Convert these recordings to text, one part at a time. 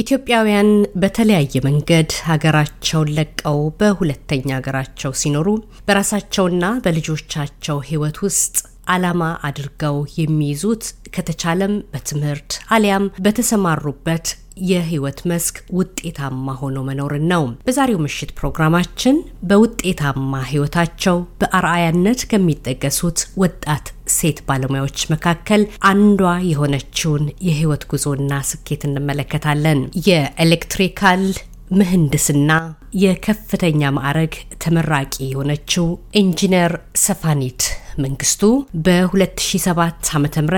ኢትዮጵያውያን በተለያየ መንገድ ሀገራቸውን ለቀው በሁለተኛ ሀገራቸው ሲኖሩ በራሳቸውና በልጆቻቸው ሕይወት ውስጥ ዓላማ አድርገው የሚይዙት ከተቻለም በትምህርት አሊያም በተሰማሩበት የህይወት መስክ ውጤታማ ሆኖ መኖርን ነው። በዛሬው ምሽት ፕሮግራማችን በውጤታማ ህይወታቸው በአርአያነት ከሚጠቀሱት ወጣት ሴት ባለሙያዎች መካከል አንዷ የሆነችውን የህይወት ጉዞና ስኬት እንመለከታለን። የኤሌክትሪካል ምህንድስና የከፍተኛ ማዕረግ ተመራቂ የሆነችው ኢንጂነር ሰፋኒት መንግስቱ በ2007 ም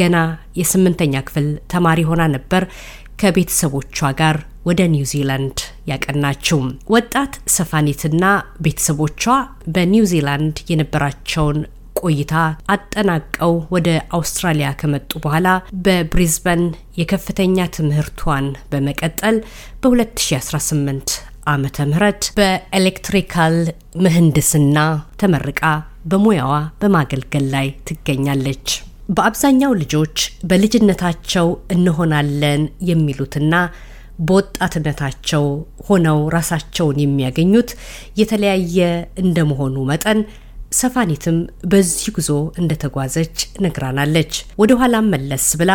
ገና የስምንተኛ ክፍል ተማሪ ሆና ነበር ከቤተሰቦቿ ጋር ወደ ኒውዚላንድ ያቀናችው ወጣት ሰፋኒትና ቤተሰቦቿ በኒውዚላንድ የነበራቸውን ቆይታ አጠናቀው ወደ አውስትራሊያ ከመጡ በኋላ በብሪዝበን የከፍተኛ ትምህርቷን በመቀጠል በ2018 ዓመተ ምህረት በኤሌክትሪካል ምህንድስና ተመርቃ በሙያዋ በማገልገል ላይ ትገኛለች። በአብዛኛው ልጆች በልጅነታቸው እንሆናለን የሚሉትና በወጣትነታቸው ሆነው ራሳቸውን የሚያገኙት የተለያየ እንደመሆኑ መጠን ሰፋኒትም በዚህ ጉዞ እንደተጓዘች ነግራናለች። ወደ ኋላም መለስ ብላ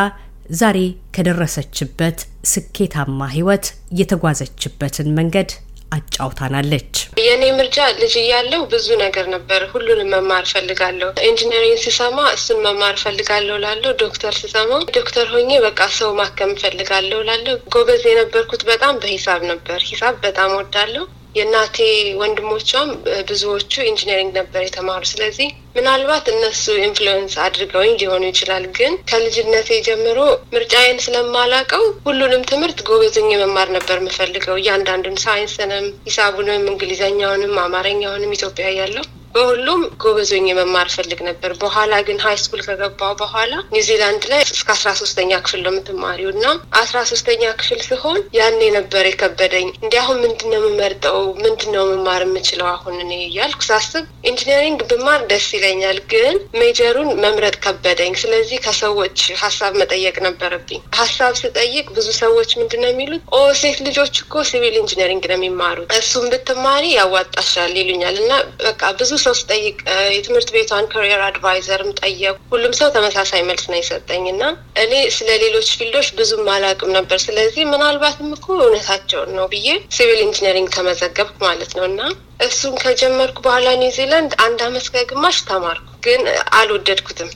ዛሬ ከደረሰችበት ስኬታማ ሕይወት የተጓዘችበትን መንገድ አጫውታናለች። የእኔ ምርጫ ልጅ እያለው ብዙ ነገር ነበር። ሁሉንም መማር ፈልጋለሁ። ኢንጂነሪንግ ሲሰማ እሱን መማር ፈልጋለሁ ላለው፣ ዶክተር ሲሰማ ዶክተር ሆኜ በቃ ሰው ማከም ፈልጋለሁ ላለው። ጎበዝ የነበርኩት በጣም በሂሳብ ነበር። ሂሳብ በጣም ወዳለሁ። የእናቴ ወንድሞቿም ብዙዎቹ ኢንጂነሪንግ ነበር የተማሩ። ስለዚህ ምናልባት እነሱ ኢንፍሉዌንስ አድርገውኝ ሊሆኑ ይችላል። ግን ከልጅነቴ ጀምሮ ምርጫዬን ስለማላቀው ሁሉንም ትምህርት ጎበዝኝ መማር ነበር የምፈልገው፣ እያንዳንዱን ሳይንስንም፣ ሂሳቡንም፣ እንግሊዘኛውንም፣ አማርኛውንም ኢትዮጵያ ያለው በሁሉም ጎበዞኝ መማር ፈልግ ነበር። በኋላ ግን ሀይ ስኩል ከገባው በኋላ ኒውዚላንድ ላይ እስከ አስራ ሶስተኛ ክፍል ነው የምትማሪው እና አስራ ሶስተኛ ክፍል ሲሆን ያኔ ነበር የከበደኝ እንዲ አሁን ምንድን ነው የምመርጠው ምንድን ነው መማር የምችለው አሁን እኔ እያልኩ ሳስብ ኢንጂነሪንግ ብማር ደስ ይለኛል፣ ግን ሜጀሩን መምረጥ ከበደኝ። ስለዚህ ከሰዎች ሀሳብ መጠየቅ ነበረብኝ። ሀሳብ ስጠይቅ ብዙ ሰዎች ምንድን ነው የሚሉት ኦ ሴት ልጆች እኮ ሲቪል ኢንጂነሪንግ ነው የሚማሩት እሱም ብትማሪ ያዋጣሻል ይሉኛል እና በቃ ብዙ ሰው ስጠይቅ የትምህርት ቤቷን ካሪየር አድቫይዘርም ጠየቁ። ሁሉም ሰው ተመሳሳይ መልስ ነው የሰጠኝ እና እኔ ስለ ሌሎች ፊልዶች ብዙም አላውቅም ነበር። ስለዚህ ምናልባትም እኮ እውነታቸውን ነው ብዬ ሲቪል ኢንጂነሪንግ ተመዘገብኩ ማለት ነው እና እሱን ከጀመርኩ በኋላ ኒውዚላንድ አንድ አመት ከግማሽ ተማርኩ። ግን አልወደድኩትም።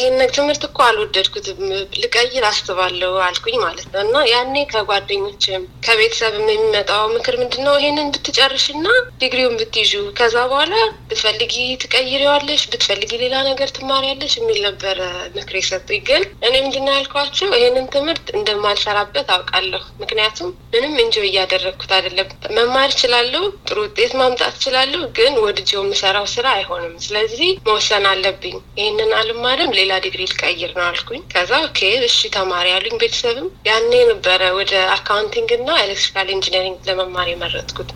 ይህን ትምህርት እኮ አልወደድኩትም፣ ልቀይር አስባለሁ አልኩኝ ማለት ነው። እና ያኔ ከጓደኞችም ከቤተሰብም የሚመጣው ምክር ምንድን ነው? ይህንን ብትጨርሽና ዲግሪውን ብትይዙ ከዛ በኋላ ብትፈልጊ ትቀይሪዋለሽ፣ ብትፈልጊ ሌላ ነገር ትማሪያለሽ የሚል ነበረ ምክር የሰጡኝ። ግን እኔ ምንድን ነው ያልኳቸው ይህንን ትምህርት እንደማልሰራበት አውቃለሁ። ምክንያቱም ምንም እንጆ እያደረግኩት አይደለም። መማር እችላለሁ፣ ጥሩ ውጤት ማምጣት እችላለሁ፣ ግን ወድጄው የምሰራው ስራ አይሆንም። ስለዚህ መወሰን ፈተና አለብኝ ይህንን አልማርም ሌላ ዲግሪ ልቀይር ነው አልኩኝ። ከዛ ኦኬ እሺ ተማሪ ያሉኝ ቤተሰብም ያኔ ነበረ ወደ አካውንቲንግ እና ኤሌክትሪካል ኢንጂነሪንግ ለመማር የመረጥኩት።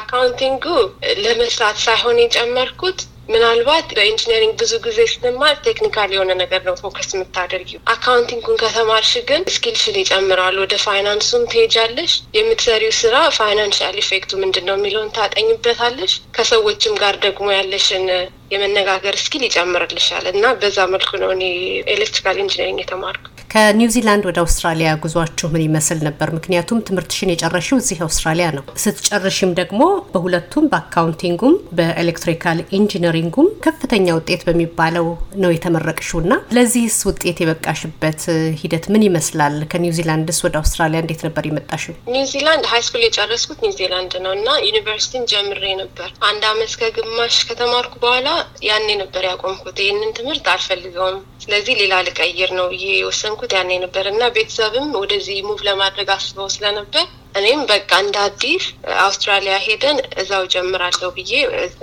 አካውንቲንጉ ለመስራት ሳይሆን የጨመርኩት ምናልባት በኢንጂነሪንግ ብዙ ጊዜ ስንማር ቴክኒካል የሆነ ነገር ነው ፎከስ የምታደርጊው። አካውንቲንጉን ከተማርሽ ግን ስኪልሽን ይጨምራል። ወደ ፋይናንሱም ትሄጃለሽ። የምትሰሪው ስራ ፋይናንሻል ኢፌክቱ ምንድን ነው የሚለውን ታጠኝበታለሽ። ከሰዎችም ጋር ደግሞ ያለሽን የመነጋገር ስኪል ይጨምርልሻል እና በዛ መልኩ ነው እኔ ኤሌክትሪካል ኢንጂነሪንግ የተማርኩ። ከኒውዚላንድ ወደ አውስትራሊያ ጉዟችሁ ምን ይመስል ነበር? ምክንያቱም ትምህርትሽን የጨረሽው እዚህ አውስትራሊያ ነው። ስትጨርሽም ደግሞ በሁለቱም በአካውንቲንጉም በኤሌክትሪካል ኢንጂነሪንጉም ከፍተኛ ውጤት በሚባለው ነው የተመረቅሽው እና ለዚህስ ውጤት የበቃሽበት ሂደት ምን ይመስላል? ከኒውዚላንድስ ወደ አውስትራሊያ እንዴት ነበር የመጣሽው? ኒውዚላንድ ሃይስኩል የጨረስኩት ኒውዚላንድ ነው እና ዩኒቨርሲቲን ጀምሬ ነበር። አንድ አመት ከግማሽ ከተማርኩ በኋላ ያኔ ነበር ያቆምኩት። ይህንን ትምህርት አልፈልገውም፣ ስለዚህ ሌላ ልቀይር ነው ይሄ የወሰንኩ ያደረግኩት ያኔ ነበር እና ቤተሰብም ወደዚህ ሙቭ ለማድረግ አስበው ስለነበር እኔም በቃ እንደ አዲስ አውስትራሊያ ሄደን እዛው ጀምራለሁ ብዬ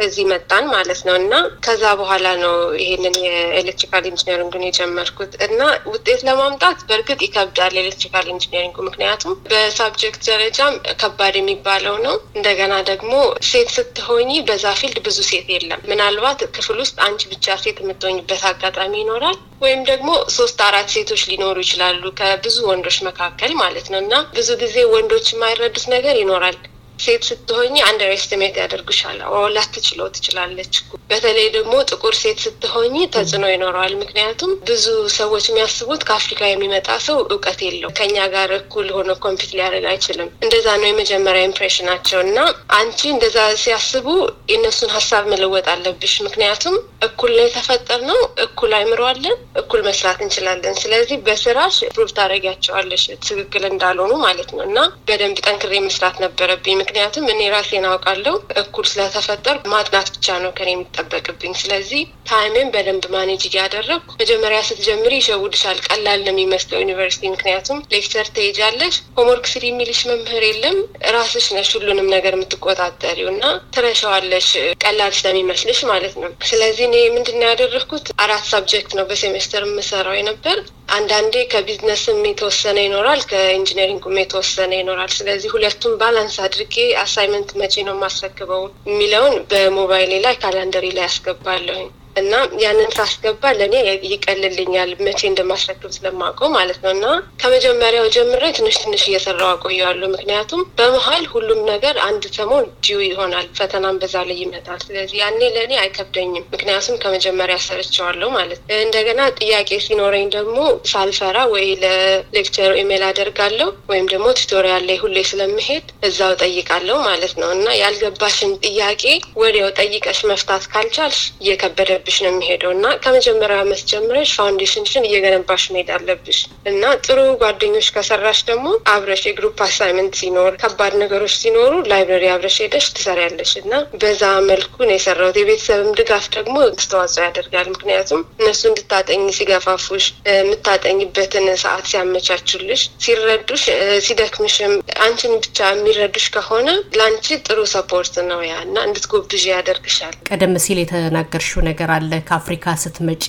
እዚህ መጣን ማለት ነው። እና ከዛ በኋላ ነው ይሄንን የኤሌክትሪካል ኢንጂነሪንግን የጀመርኩት እና ውጤት ለማምጣት በእርግጥ ይከብዳል ኤሌክትሪካል ኢንጂነሪንጉ፣ ምክንያቱም በሳብጀክት ደረጃም ከባድ የሚባለው ነው። እንደገና ደግሞ ሴት ስትሆኝ በዛ ፊልድ ብዙ ሴት የለም። ምናልባት ክፍል ውስጥ አንቺ ብቻ ሴት የምትሆኝበት አጋጣሚ ይኖራል ወይም ደግሞ ሶስት አራት ሴቶች ሊኖሩ ይችላሉ ከብዙ ወንዶች መካከል ማለት ነው እና ብዙ ጊዜ ወንዶች የማይረዱት ነገር ይኖራል ሴት ስትሆኝ አንደር ኤስቲሜት ያደርግሻል። ላትችለው ትችላለች። በተለይ ደግሞ ጥቁር ሴት ስትሆኝ ተጽዕኖ ይኖረዋል። ምክንያቱም ብዙ ሰዎች የሚያስቡት ከአፍሪካ የሚመጣ ሰው እውቀት የለው ከኛ ጋር እኩል ሆኖ ኮምፒት ሊያደርግ አይችልም። እንደዛ ነው የመጀመሪያ ኢምፕሬሽናቸው እና አንቺ እንደዛ ሲያስቡ የእነሱን ሀሳብ መለወጥ አለብሽ። ምክንያቱም እኩል ነው ነው እኩል አይምሮ አለን፣ እኩል መስራት እንችላለን። ስለዚህ በስራሽ ፕሩቭ ታደርጊያቸዋለሽ ትክክል እንዳልሆኑ ማለት ነው እና በደንብ ጠንክሬ መስራት ነበረብኝ። ምክንያቱም እኔ ራሴን አውቃለሁ። እኩል ስለተፈጠር ማጥናት ብቻ ነው ከኔ የሚጠበቅብኝ። ስለዚህ ታይምን በደንብ ማኔጅ እያደረግኩ መጀመሪያ ስትጀምሪ ይሸውድሻል፣ ቀላል ነው የሚመስለው ዩኒቨርሲቲ። ምክንያቱም ሌክቸር ትሄጃለሽ፣ ሆምወርክ ስሪ የሚልሽ መምህር የለም። ራስሽ ነሽ ሁሉንም ነገር የምትቆጣጠሪው እና ትረሸዋለሽ፣ ቀላል ስለሚመስልሽ ማለት ነው። ስለዚህ እኔ ምንድነው ያደረግኩት አራት ሳብጀክት ነው በሴሜስተር የምሰራው የነበር አንዳንዴ ከቢዝነስም የተወሰነ ይኖራል፣ ከኢንጂነሪንግም የተወሰነ ይኖራል። ስለዚህ ሁለቱም ባላንስ አድርግ አድርጌ አሳይመንት መቼ ነው የማስረክበው የሚለውን በሞባይሌ ላይ ካላንደሪ ላይ ያስገባለሁኝ። እና ያንን ሳስገባ ለእኔ ይቀልልኛል መቼ እንደማስረክብ ስለማውቀው ማለት ነው። እና ከመጀመሪያው ጀምሬ ትንሽ ትንሽ እየሰራው አቆየዋለሁ። ምክንያቱም በመሀል ሁሉም ነገር አንድ ሰሞን ዲዩ ይሆናል፣ ፈተናም በዛ ላይ ይመጣል። ስለዚህ ያኔ ለእኔ አይከብደኝም፣ ምክንያቱም ከመጀመሪያ ሰርቸዋለሁ ማለት ነው። እንደገና ጥያቄ ሲኖረኝ ደግሞ ሳልፈራ ወይ ለሌክቸሩ ኢሜል አደርጋለሁ ወይም ደግሞ ቱቶሪያል ላይ ሁሌ ስለምሄድ እዛው ጠይቃለሁ ማለት ነው። እና ያልገባሽን ጥያቄ ወዲያው ጠይቀሽ መፍታት ካልቻልሽ እየከበደ እየሆነብሽ ነው የሚሄደው እና ከመጀመሪያ ዓመት ጀምረሽ ፋውንዴሽንሽን እየገነባሽ መሄድ አለብሽ እና ጥሩ ጓደኞች ከሰራሽ ደግሞ አብረሽ የግሩፕ አሳይመንት ሲኖር ከባድ ነገሮች ሲኖሩ ላይብረሪ አብረሽ ሄደሽ ትሰሪያለሽ እና በዛ መልኩ ነው የሰራሁት። የቤተሰብም ድጋፍ ደግሞ አስተዋጽኦ ያደርጋል። ምክንያቱም እነሱ እንድታጠኝ ሲገፋፉሽ፣ የምታጠኝበትን ሰዓት ሲያመቻቹልሽ፣ ሲረዱሽ፣ ሲደክምሽም አንቺን ብቻ የሚረዱሽ ከሆነ ለአንቺ ጥሩ ሰፖርት ነው ያ እና እንድትጎብዥ ያደርግሻል። ቀደም ሲል የተናገርሽው ነገር ነገር አለ። ከአፍሪካ ስትመጪ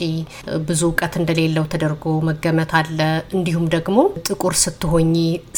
ብዙ እውቀት እንደሌለው ተደርጎ መገመት አለ። እንዲሁም ደግሞ ጥቁር ስትሆኝ፣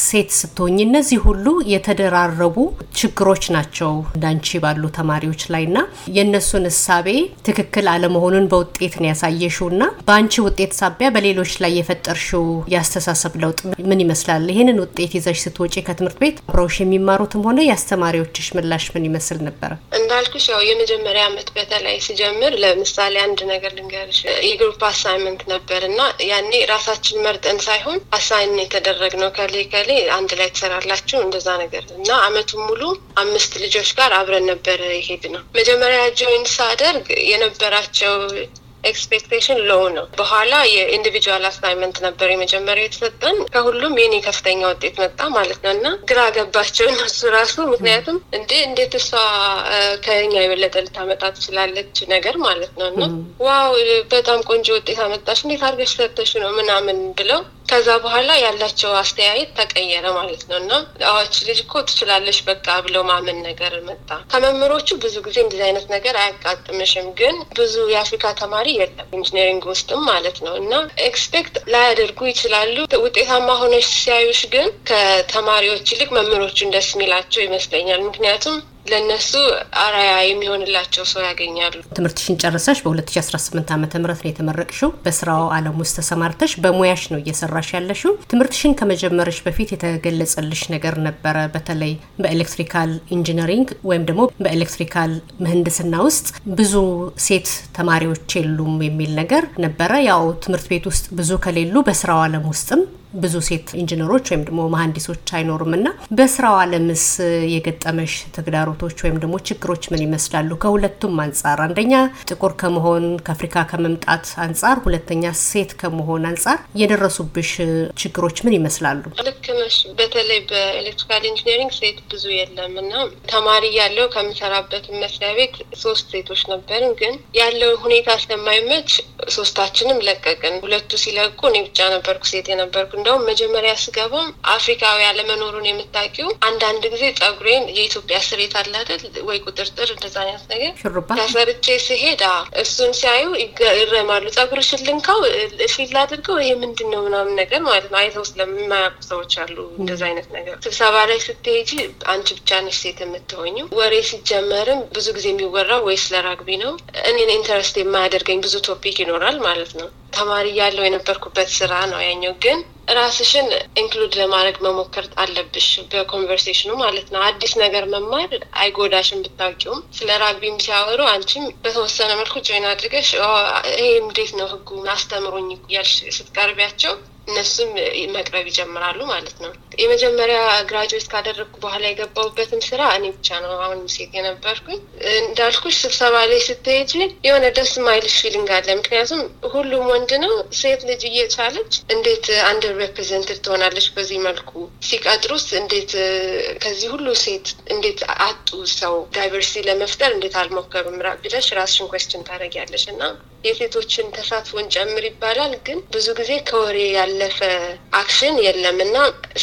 ሴት ስትሆኝ፣ እነዚህ ሁሉ የተደራረቡ ችግሮች ናቸው እንዳንቺ ባሉ ተማሪዎች ላይ እና የእነሱን እሳቤ ትክክል አለመሆኑን በውጤት ነው ያሳየሽው እና በአንቺ ውጤት ሳቢያ በሌሎች ላይ የፈጠርሽው ያስተሳሰብ ለውጥ ምን ይመስላል? ይህንን ውጤት ይዘሽ ስትወጪ ከትምህርት ቤት አብረውሽ የሚማሩትም ሆነ የአስተማሪዎችሽ ምላሽ ምን ይመስል ነበር? እንዳልኩሽ ያው የመጀመሪያ አመት በተለይ ስጀምር ለምስ ለምሳሌ አንድ ነገር ልንገርሽ፣ የግሩፕ አሳይመንት ነበር እና ያኔ ራሳችን መርጠን ሳይሆን አሳይን ነው ከሌ ከሌ አንድ ላይ ትሰራላችሁ እንደዛ ነገር እና አመቱን ሙሉ አምስት ልጆች ጋር አብረን ነበረ የሄድነው። መጀመሪያ ጆይን ሳደርግ የነበራቸው ኤክስፔክቴሽን ሎው ነው። በኋላ የኢንዲቪጁዋል አሳይመንት ነበር የመጀመሪያ የተሰጠን። ከሁሉም የኔ ከፍተኛ ውጤት መጣ ማለት ነው እና ግራ ገባቸው እነሱ ራሱ ምክንያቱም እንዴ እንዴት እሷ ከኛ የበለጠ ልታመጣ ትችላለች ነገር ማለት ነው እና ዋው በጣም ቆንጆ ውጤት አመጣሽ እንዴት አድርገሽ ሰተሽ ነው ምናምን ብለው ከዛ በኋላ ያላቸው አስተያየት ተቀየረ ማለት ነው እና አዋች ልጅ እኮ ትችላለች በቃ ብለው ማመን ነገር መጣ። ከመምህሮቹ ብዙ ጊዜ እንደዚህ አይነት ነገር አያጋጥምሽም፣ ግን ብዙ የአፍሪካ ተማሪ የለም ኢንጂነሪንግ ውስጥም ማለት ነው። እና ኤክስፔክት ላያደርጉ ይችላሉ። ውጤታማ ሆነሽ ሲያዩሽ ግን ከተማሪዎች ይልቅ መምህሮቹ ደስ የሚላቸው ይመስለኛል። ምክንያቱም ለእነሱ አራያ የሚሆንላቸው ሰው ያገኛሉ። ትምህርትሽን ጨርሰሽ በ2018 ዓ ም ነው የተመረቅሽው። በስራው አለም ውስጥ ተሰማርተሽ በሙያሽ ነው እየሰራሽ ያለሽው። ትምህርትሽን ከመጀመርሽ በፊት የተገለጸልሽ ነገር ነበረ። በተለይ በኤሌክትሪካል ኢንጂነሪንግ ወይም ደግሞ በኤሌክትሪካል ምህንድስና ውስጥ ብዙ ሴት ተማሪዎች የሉም የሚል ነገር ነበረ። ያው ትምህርት ቤት ውስጥ ብዙ ከሌሉ በስራው አለም ውስጥም ብዙ ሴት ኢንጂነሮች ወይም ደግሞ መሀንዲሶች አይኖሩም እና በስራው አለምስ የገጠመሽ ተግዳሮቶች ወይም ደግሞ ችግሮች ምን ይመስላሉ? ከሁለቱም አንጻር አንደኛ ጥቁር ከመሆን ከአፍሪካ ከመምጣት አንጻር፣ ሁለተኛ ሴት ከመሆን አንጻር የደረሱብሽ ችግሮች ምን ይመስላሉ? ልክ ነሽ። በተለይ በኤሌክትሪካል ኢንጂነሪንግ ሴት ብዙ የለም እና ተማሪ ያለው ከምሰራበት መስሪያ ቤት ሶስት ሴቶች ነበርን። ግን ያለው ሁኔታ ስለማይመች ሶስታችንም ለቀቅን። ሁለቱ ሲለቁ እኔ ብቻ ነበርኩ ሴት የነበርኩ እንደውም መጀመሪያ ስገባም አፍሪካዊ አለመኖሩን የምታውቂው አንዳንድ ጊዜ ጸጉሬን የኢትዮጵያ ስሬት አለ አይደል ወይ ቁጥርጥር እንደዛ አይነት ነገር ተሰርቼ ስሄድ እሱን ሲያዩ ይረማሉ ጸጉርሽን ልንካው ፊል ላድርገው ይሄ ምንድን ነው ምናምን ነገር ማለት ነው። አይተው ስለማያውቁ ሰዎች አሉ እንደዛ አይነት ነገር። ስብሰባ ላይ ስትሄጂ አንቺ ብቻ ነሽ ሴት የምትሆኙ። ወሬ ሲጀመርም ብዙ ጊዜ የሚወራው ወይ ስለ ራግቢ ነው። እኔን ኢንተረስት የማያደርገኝ ብዙ ቶፒክ ይኖራል ማለት ነው። ተማሪ ያለው የነበርኩበት ስራ ነው ያኛው ግን ራስሽን ኢንክሉድ ለማድረግ መሞከር አለብሽ፣ በኮንቨርሴሽኑ ማለት ነው። አዲስ ነገር መማር አይጎዳሽም ብታውቂውም። ስለ ራግቢም ሲያወሩ አንቺም በተወሰነ መልኩ ጆይን አድርገሽ ይሄ እንዴት ነው ህጉ አስተምሮኝ እያልሽ ስትቀርቢያቸው እነሱም መቅረብ ይጀምራሉ ማለት ነው። የመጀመሪያ ግራጁዌት ካደረግኩ በኋላ የገባሁበትን ስራ እኔ ብቻ ነው አሁን ሴት የነበርኩኝ። እንዳልኩሽ ስብሰባ ላይ ስትሄጂ የሆነ ደስ ማይልሽ ፊሊንግ አለ። ምክንያቱም ሁሉም ወንድ ነው። ሴት ልጅ እየቻለች እንዴት አንደር ሬፕሬዘንትድ ትሆናለች? በዚህ መልኩ ሲቀጥሩስ እንዴት ከዚህ ሁሉ ሴት እንዴት አጡ ሰው ዳይቨርሲቲ ለመፍጠር እንዴት አልሞከሩም ብለሽ ራስሽን ኮስችን ታደርጊያለሽ እና የሴቶችን ተሳትፎን ጨምር ይባላል፣ ግን ብዙ ጊዜ ከወሬ ያለ ያለፈ አክሽን የለም እና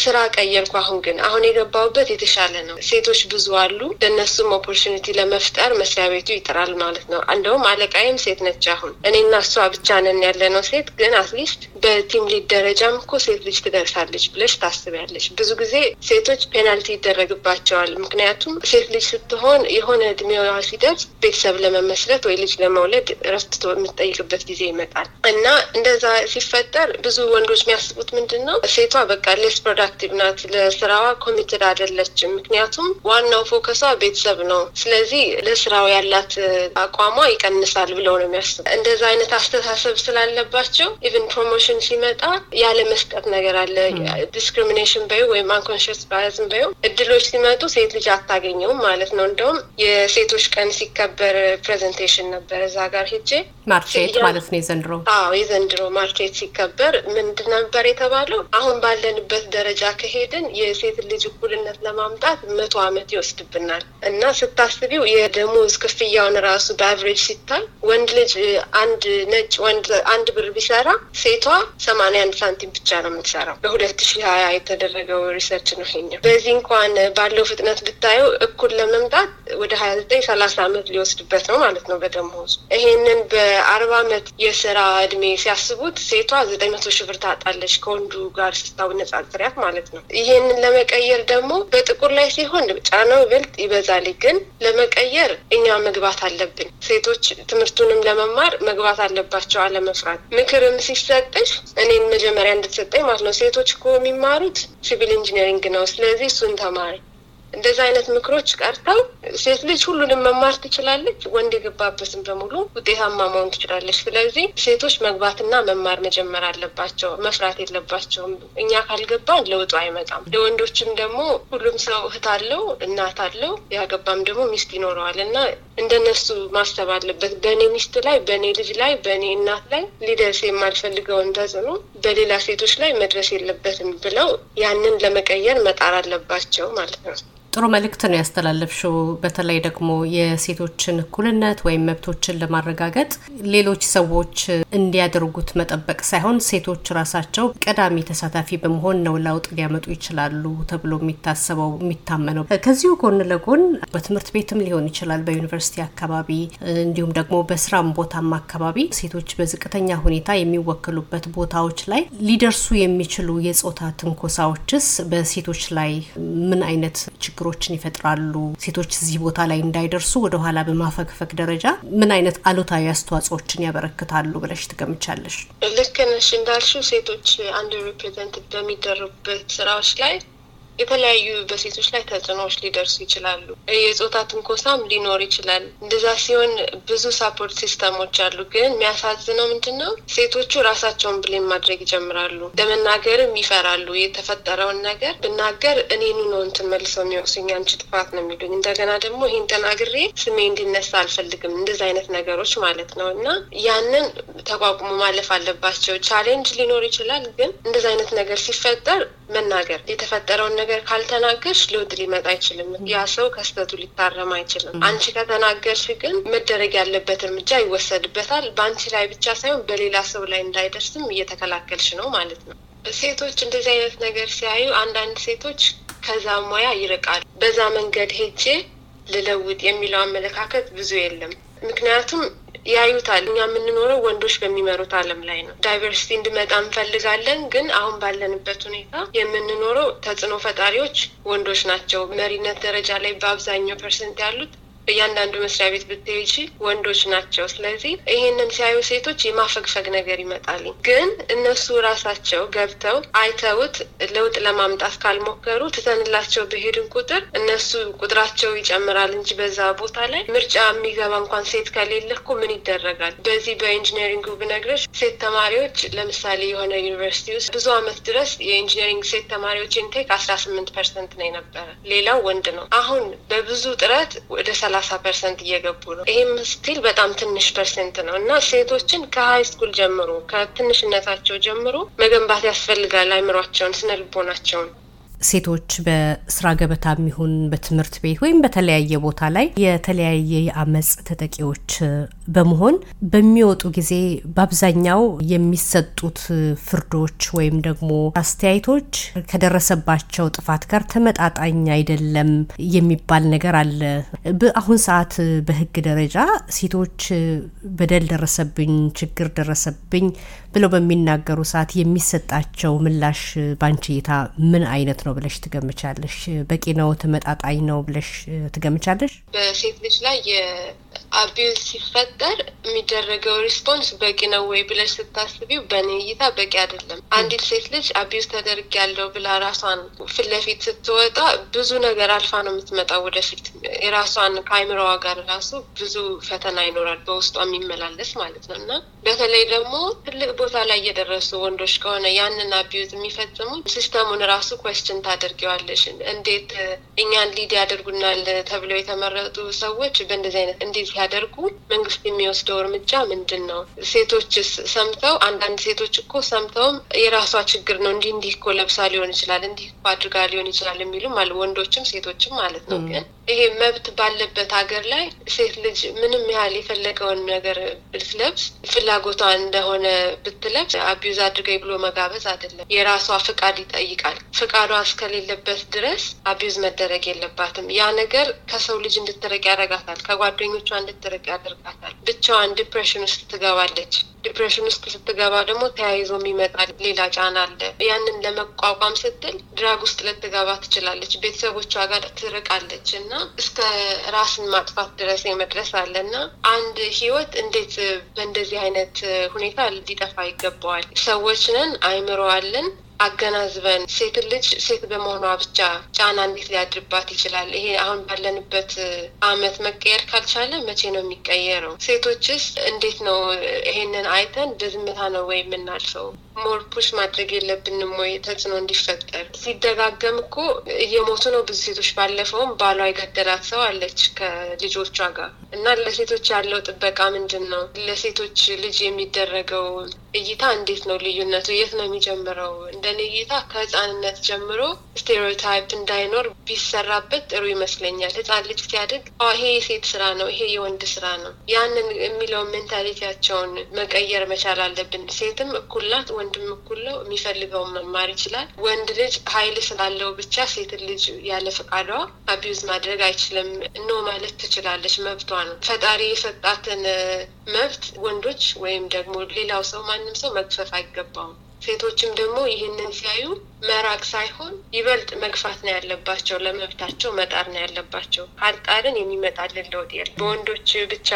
ስራ ቀየርኩ። አሁን ግን አሁን የገባሁበት የተሻለ ነው። ሴቶች ብዙ አሉ። ለእነሱም ኦፖርቹኒቲ ለመፍጠር መስሪያ ቤቱ ይጥራል ማለት ነው። እንደውም አለቃይም ሴት ነች። አሁን እኔና እሷ ብቻ ነን ያለ ነው ሴት ግን አትሊስት በቲም ሊድ ደረጃም እኮ ሴት ልጅ ትደርሳለች ብለሽ ታስቢያለች። ብዙ ጊዜ ሴቶች ፔናልቲ ይደረግባቸዋል። ምክንያቱም ሴት ልጅ ስትሆን የሆነ እድሜዋ ሲደርስ ቤተሰብ ለመመስረት ወይ ልጅ ለመውለድ እረፍት የምትጠይቅበት ጊዜ ይመጣል እና እንደዛ ሲፈጠር ብዙ ወንዶች ሰዎች የሚያስቡት ምንድን ነው ሴቷ በቃ ሌስ ፕሮዳክቲቭ ናት፣ ለስራዋ ኮሚትድ አይደለችም። ምክንያቱም ዋናው ፎከሷ ቤተሰብ ነው። ስለዚህ ለስራው ያላት አቋሟ ይቀንሳል ብለው ነው የሚያስቡ። እንደዛ አይነት አስተሳሰብ ስላለባቸው ኢቨን ፕሮሞሽን ሲመጣ ያለ መስጠት ነገር አለ። ዲስክሪሚኔሽን በዩ ወይም አንኮንሽስ ባያዝም በዩ እድሎች ሲመጡ ሴት ልጅ አታገኘውም ማለት ነው። እንደውም የሴቶች ቀን ሲከበር ፕሬዘንቴሽን ነበር እዛ ጋር ሄጄ ማርቼት ማለት ነው የዘንድሮ አዎ የዘንድሮ ማርቼት ሲከበር ምንድን ነበር የተባለው። አሁን ባለንበት ደረጃ ከሄድን የሴት ልጅ እኩልነት ለማምጣት መቶ ዓመት ይወስድብናል እና ስታስቢው የደሞዝ ክፍያውን ራሱ በአቨሬጅ ሲታይ ወንድ ልጅ አንድ ነጭ ወንድ አንድ ብር ቢሰራ ሴቷ ሰማንያ አንድ ሳንቲም ብቻ ነው የምትሰራው። በሁለት ሺ ሀያ የተደረገው ሪሰርች ነው ይሄኛው። በዚህ እንኳን ባለው ፍጥነት ብታየው እኩል ለመምጣት ወደ ሀያ ዘጠኝ ሰላሳ ዓመት ሊወስድበት ነው ማለት ነው በደሞዝ ይሄንን በአርባ ዓመት የስራ እድሜ ሲያስቡት ሴቷ ዘጠኝ መቶ ሺ ብር ታጣ ታጣለች ከወንዱ ጋር ስታወነጻጽሪያት ማለት ነው። ይሄንን ለመቀየር ደግሞ በጥቁር ላይ ሲሆን ጫናው ይበልጥ ይበዛል። ግን ለመቀየር እኛ መግባት አለብን። ሴቶች ትምህርቱንም ለመማር መግባት አለባቸው፣ አለመፍራት። ምክርም ሲሰጥሽ እኔን መጀመሪያ እንድትሰጠኝ ማለት ነው። ሴቶች እኮ የሚማሩት ሲቪል ኢንጂነሪንግ ነው። ስለዚህ እሱን ተማሪ እንደዚህ አይነት ምክሮች ቀርተው ሴት ልጅ ሁሉንም መማር ትችላለች፣ ወንድ የገባበትን በሙሉ ውጤታማ መሆን ትችላለች። ስለዚህ ሴቶች መግባትና መማር መጀመር አለባቸው፣ መፍራት የለባቸውም። እኛ ካልገባን ለውጡ አይመጣም። ለወንዶችም ደግሞ ሁሉም ሰው እህት አለው፣ እናት አለው፣ ያገባም ደግሞ ሚስት ይኖረዋል እና እንደነሱ ማሰብ አለበት። በእኔ ሚስት ላይ፣ በእኔ ልጅ ላይ፣ በእኔ እናት ላይ ሊደርስ የማልፈልገውን ተጽዕኖ በሌላ ሴቶች ላይ መድረስ የለበትም ብለው ያንን ለመቀየር መጣር አለባቸው ማለት ነው። ጥሩ መልእክት ነው ያስተላለፍሽው። በተለይ ደግሞ የሴቶችን እኩልነት ወይም መብቶችን ለማረጋገጥ ሌሎች ሰዎች እንዲያደርጉት መጠበቅ ሳይሆን ሴቶች ራሳቸው ቀዳሚ ተሳታፊ በመሆን ነው ለውጥ ሊያመጡ ይችላሉ ተብሎ የሚታሰበው የሚታመነው። ከዚሁ ጎን ለጎን በትምህርት ቤትም ሊሆን ይችላል፣ በዩኒቨርሲቲ አካባቢ እንዲሁም ደግሞ በስራም ቦታም አካባቢ ሴቶች በዝቅተኛ ሁኔታ የሚወክሉበት ቦታዎች ላይ ሊደርሱ የሚችሉ የጾታ ትንኮሳዎችስ በሴቶች ላይ ምን አይነት ችግር ችግሮችን ይፈጥራሉ፣ ሴቶች እዚህ ቦታ ላይ እንዳይደርሱ ወደኋላ በማፈግፈግ ደረጃ ምን አይነት አሉታዊ አስተዋጽኦችን ያበረክታሉ ብለሽ ትገምቻለሽ? ልክ ነሽ እንዳልሽው ሴቶች አንድ ሪፕሬዘንት በሚደረጉበት ስራዎች ላይ የተለያዩ በሴቶች ላይ ተጽዕኖዎች ሊደርሱ ይችላሉ። የጾታ ትንኮሳም ሊኖር ይችላል። እንደዛ ሲሆን ብዙ ሳፖርት ሲስተሞች አሉ። ግን የሚያሳዝነው ምንድን ነው ሴቶቹ ራሳቸውን ብሌም ማድረግ ይጀምራሉ። ለመናገርም ይፈራሉ። የተፈጠረውን ነገር ብናገር እኔኑ ነው እንትን መልሰው የሚወቅሱኝ አንቺ ጥፋት ነው የሚሉኝ። እንደገና ደግሞ ይህን ተናግሬ ስሜ እንዲነሳ አልፈልግም። እንደዚ አይነት ነገሮች ማለት ነው እና ያንን ተቋቁሞ ማለፍ አለባቸው። ቻሌንጅ ሊኖር ይችላል። ግን እንደዚ አይነት ነገር ሲፈጠር መናገር የተፈጠረውን ነገር ካልተናገርሽ ለውጥ ሊመጣ አይችልም። ያ ሰው ከስተቱ ሊታረም አይችልም። አንቺ ከተናገርሽ ግን መደረግ ያለበት እርምጃ ይወሰድበታል። በአንቺ ላይ ብቻ ሳይሆን በሌላ ሰው ላይ እንዳይደርስም እየተከላከልሽ ነው ማለት ነው። ሴቶች እንደዚህ አይነት ነገር ሲያዩ አንዳንድ ሴቶች ከዛ ሙያ ይርቃል። በዛ መንገድ ሄጄ ልለውጥ የሚለው አመለካከት ብዙ የለም። ምክንያቱም ያዩታል። እኛ የምንኖረው ወንዶች በሚመሩት ዓለም ላይ ነው። ዳይቨርሲቲ እንድመጣ እንፈልጋለን፣ ግን አሁን ባለንበት ሁኔታ የምንኖረው ተጽዕኖ ፈጣሪዎች ወንዶች ናቸው። መሪነት ደረጃ ላይ በአብዛኛው ፐርሰንት ያሉት እያንዳንዱ መስሪያ ቤት ብትሄጂ ወንዶች ናቸው። ስለዚህ ይሄንን ሲያዩ ሴቶች የማፈግፈግ ነገር ይመጣል። ግን እነሱ ራሳቸው ገብተው አይተውት ለውጥ ለማምጣት ካልሞከሩ ትተንላቸው በሄድን ቁጥር እነሱ ቁጥራቸው ይጨምራል እንጂ በዛ ቦታ ላይ ምርጫ የሚገባ እንኳን ሴት ከሌለ እኮ ምን ይደረጋል? በዚህ በኢንጂነሪንጉ ብነግረች ሴት ተማሪዎች ለምሳሌ የሆነ ዩኒቨርሲቲ ውስጥ ብዙ አመት ድረስ የኢንጂነሪንግ ሴት ተማሪዎች ኢንቴክ አስራ ስምንት ፐርሰንት ነው የነበረ፣ ሌላው ወንድ ነው። አሁን በብዙ ጥረት ወደ ሰላሳ ፐርሰንት እየገቡ ነው። ይህም ስቲል በጣም ትንሽ ፐርሰንት ነው እና ሴቶችን ከሀይ ስኩል ጀምሮ ከትንሽነታቸው ጀምሮ መገንባት ያስፈልጋል። አይምሯቸውን፣ ስነልቦናቸውን። ሴቶች በስራ ገበታ የሚሆን በትምህርት ቤት ወይም በተለያየ ቦታ ላይ የተለያየ የአመፅ ተጠቂዎች በመሆን በሚወጡ ጊዜ በአብዛኛው የሚሰጡት ፍርዶች ወይም ደግሞ አስተያየቶች ከደረሰባቸው ጥፋት ጋር ተመጣጣኝ አይደለም የሚባል ነገር አለ። በአሁን ሰዓት በህግ ደረጃ ሴቶች በደል ደረሰብኝ፣ ችግር ደረሰብኝ ብለው በሚናገሩ ሰዓት የሚሰጣቸው ምላሽ ባንቺ እይታ ምን አይነት ነው? ነው ብለሽ ትገምቻለሽ? በቂ ነው ተመጣጣኝ ነው ብለሽ ትገምቻለሽ? በሴት ልጅ ላይ የአቢዩዝ ሲፈጠር የሚደረገው ሪስፖንስ በቂ ነው ወይ ብለሽ ስታስቢው፣ በእኔ እይታ በቂ አይደለም። አንዲት ሴት ልጅ አቢዩዝ ያለው ብላ ራሷን ፊት ለፊት ስትወጣ ብዙ ነገር አልፋ ነው የምትመጣው ወደፊት። የራሷን ከአይምሮዋ ጋር ራሱ ብዙ ፈተና ይኖራል በውስጧ የሚመላለስ ማለት ነው እና በተለይ ደግሞ ትልቅ ቦታ ላይ የደረሱ ወንዶች ከሆነ ያንን አቢዩዝ የሚፈጽሙት ሲስተሙን ራሱ ኮስችን ታደርጊዋለሽ? እንዴት እኛን ሊድ ያደርጉናል ተብለው የተመረጡ ሰዎች በእንደዚህ አይነት እንዴት ሲያደርጉ መንግስት የሚወስደው እርምጃ ምንድን ነው? ሴቶችስ ሰምተው አንዳንድ ሴቶች እኮ ሰምተውም የራሷ ችግር ነው እንዲህ እንዲህ እኮ ለብሳ ሊሆን ይችላል እንዲህ እኮ አድርጋ ሊሆን ይችላል የሚሉም አለ ወንዶችም ሴቶችም ማለት ነው። ግን ይሄ መብት ባለበት ሀገር ላይ ሴት ልጅ ምንም ያህል የፈለገውን ነገር ብትለብስ ፍላጎቷ እንደሆነ ብትለብስ አቢዩዝ አድርገኝ ብሎ መጋበዝ አይደለም። የራሷ ፍቃድ ይጠይቃል። ፍቃዷ እስከሌለበት ድረስ አቢዝ መደረግ የለባትም። ያ ነገር ከሰው ልጅ እንድትርቅ ያደርጋታል፣ ከጓደኞቿ እንድትርቅ ያደርጋታል። ብቻዋን ዲፕሬሽን ውስጥ ትገባለች። ዲፕሬሽን ውስጥ ስትገባ ደግሞ ተያይዞ የሚመጣል ሌላ ጫና አለ። ያንን ለመቋቋም ስትል ድራግ ውስጥ ልትገባ ትችላለች። ቤተሰቦቿ ጋር ትርቃለች እና እስከ ራስን ማጥፋት ድረስ የመድረስ አለ እና አንድ ህይወት እንዴት በእንደዚህ አይነት ሁኔታ ሊጠፋ ይገባዋል? ሰዎች ነን፣ አይምሮ አለን አገናዝበን ሴት ልጅ ሴት በመሆኗ ብቻ ጫና እንዴት ሊያድርባት ይችላል? ይሄ አሁን ባለንበት አመት መቀየር ካልቻለ መቼ ነው የሚቀየረው? ሴቶችስ እንዴት ነው ይሄንን አይተን ድዝምታ ነው ወይ የምናልፈው? ሞር ፑሽ ማድረግ የለብንም ወይ? ተጽዕኖ እንዲፈጠር ሲደጋገም እኮ እየሞቱ ነው ብዙ ሴቶች። ባለፈውም ባሏ የገደላት ሰው አለች ከልጆቿ ጋር እና ለሴቶች ያለው ጥበቃ ምንድን ነው? ለሴቶች ልጅ የሚደረገው እይታ እንዴት ነው? ልዩነቱ የት ነው የሚጀምረው? እንደኔ እይታ ከህፃንነት ጀምሮ ስቴሪዮታይፕ እንዳይኖር ቢሰራበት ጥሩ ይመስለኛል። ህፃን ልጅ ሲያድግ ይሄ የሴት ስራ ነው፣ ይሄ የወንድ ስራ ነው፣ ያንን የሚለውን ሜንታሊቲያቸውን መቀየር መቻል አለብን። ሴትም እኩል ናት ወንድም እኩል ነው። የሚፈልገውን መማር ይችላል። ወንድ ልጅ ኃይል ስላለው ብቻ ሴት ልጅ ያለ ፈቃዷ አቢዩዝ ማድረግ አይችልም። እኖ ማለት ትችላለች፣ መብቷ ነው። ፈጣሪ የሰጣትን መብት ወንዶች ወይም ደግሞ ሌላው ሰው ማንም ሰው መግፈፍ አይገባውም። ሴቶችም ደግሞ ይህንን ሲያዩ መራቅ ሳይሆን ይበልጥ መግፋት ነው ያለባቸው፣ ለመብታቸው መጣር ነው ያለባቸው። ካልጣርን የሚመጣልን ለውጥ የለም። በወንዶች ብቻ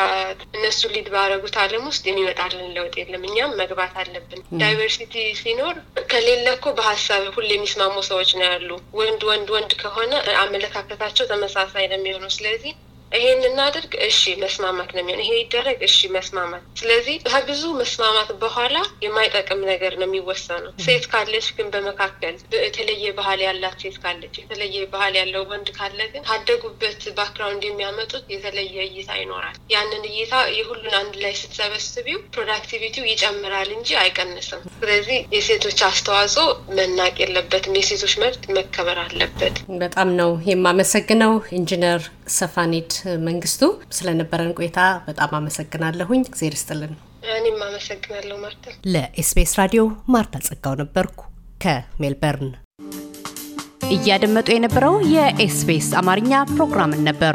እነሱ ሊድ ባረጉት ዓለም ውስጥ የሚመጣልን ለውጥ የለም። እኛም መግባት አለብን። ዳይቨርሲቲ ሲኖር ከሌለ እኮ በሀሳብ ሁሌ የሚስማሙ ሰዎች ነው ያሉ። ወንድ ወንድ ወንድ ከሆነ አመለካከታቸው ተመሳሳይ ነው የሚሆነው። ስለዚህ ይሄን እናድርግ፣ እሺ መስማማት ነው የሚሆን። ይሄ ይደረግ፣ እሺ መስማማት። ስለዚህ ከብዙ መስማማት በኋላ የማይጠቅም ነገር ነው የሚወሰነው። ሴት ካለች ግን በመካከል የተለየ ባህል ያላት ሴት ካለች፣ የተለየ ባህል ያለው ወንድ ካለ ግን ካደጉበት ባክግራውንድ የሚያመጡት የተለየ እይታ ይኖራል። ያንን እይታ የሁሉን አንድ ላይ ስትሰበስቢው ፕሮዳክቲቪቲው ይጨምራል እንጂ አይቀንስም። ስለዚህ የሴቶች አስተዋጽኦ መናቅ የለበትም። የሴቶች መብት መከበር አለበት። በጣም ነው የማመሰግነው ኢንጂነር ሰፋኔድ መንግስቱ ስለነበረን ቆይታ በጣም አመሰግናለሁኝ። እግዜር ይስጥልን። እኔም አመሰግናለሁ ማርታ። ለኤስቢኤስ ራዲዮ ማርታ ጸጋው ነበርኩ ከሜልበርን። እያደመጡ የነበረው የኤስቢኤስ አማርኛ ፕሮግራምን ነበር።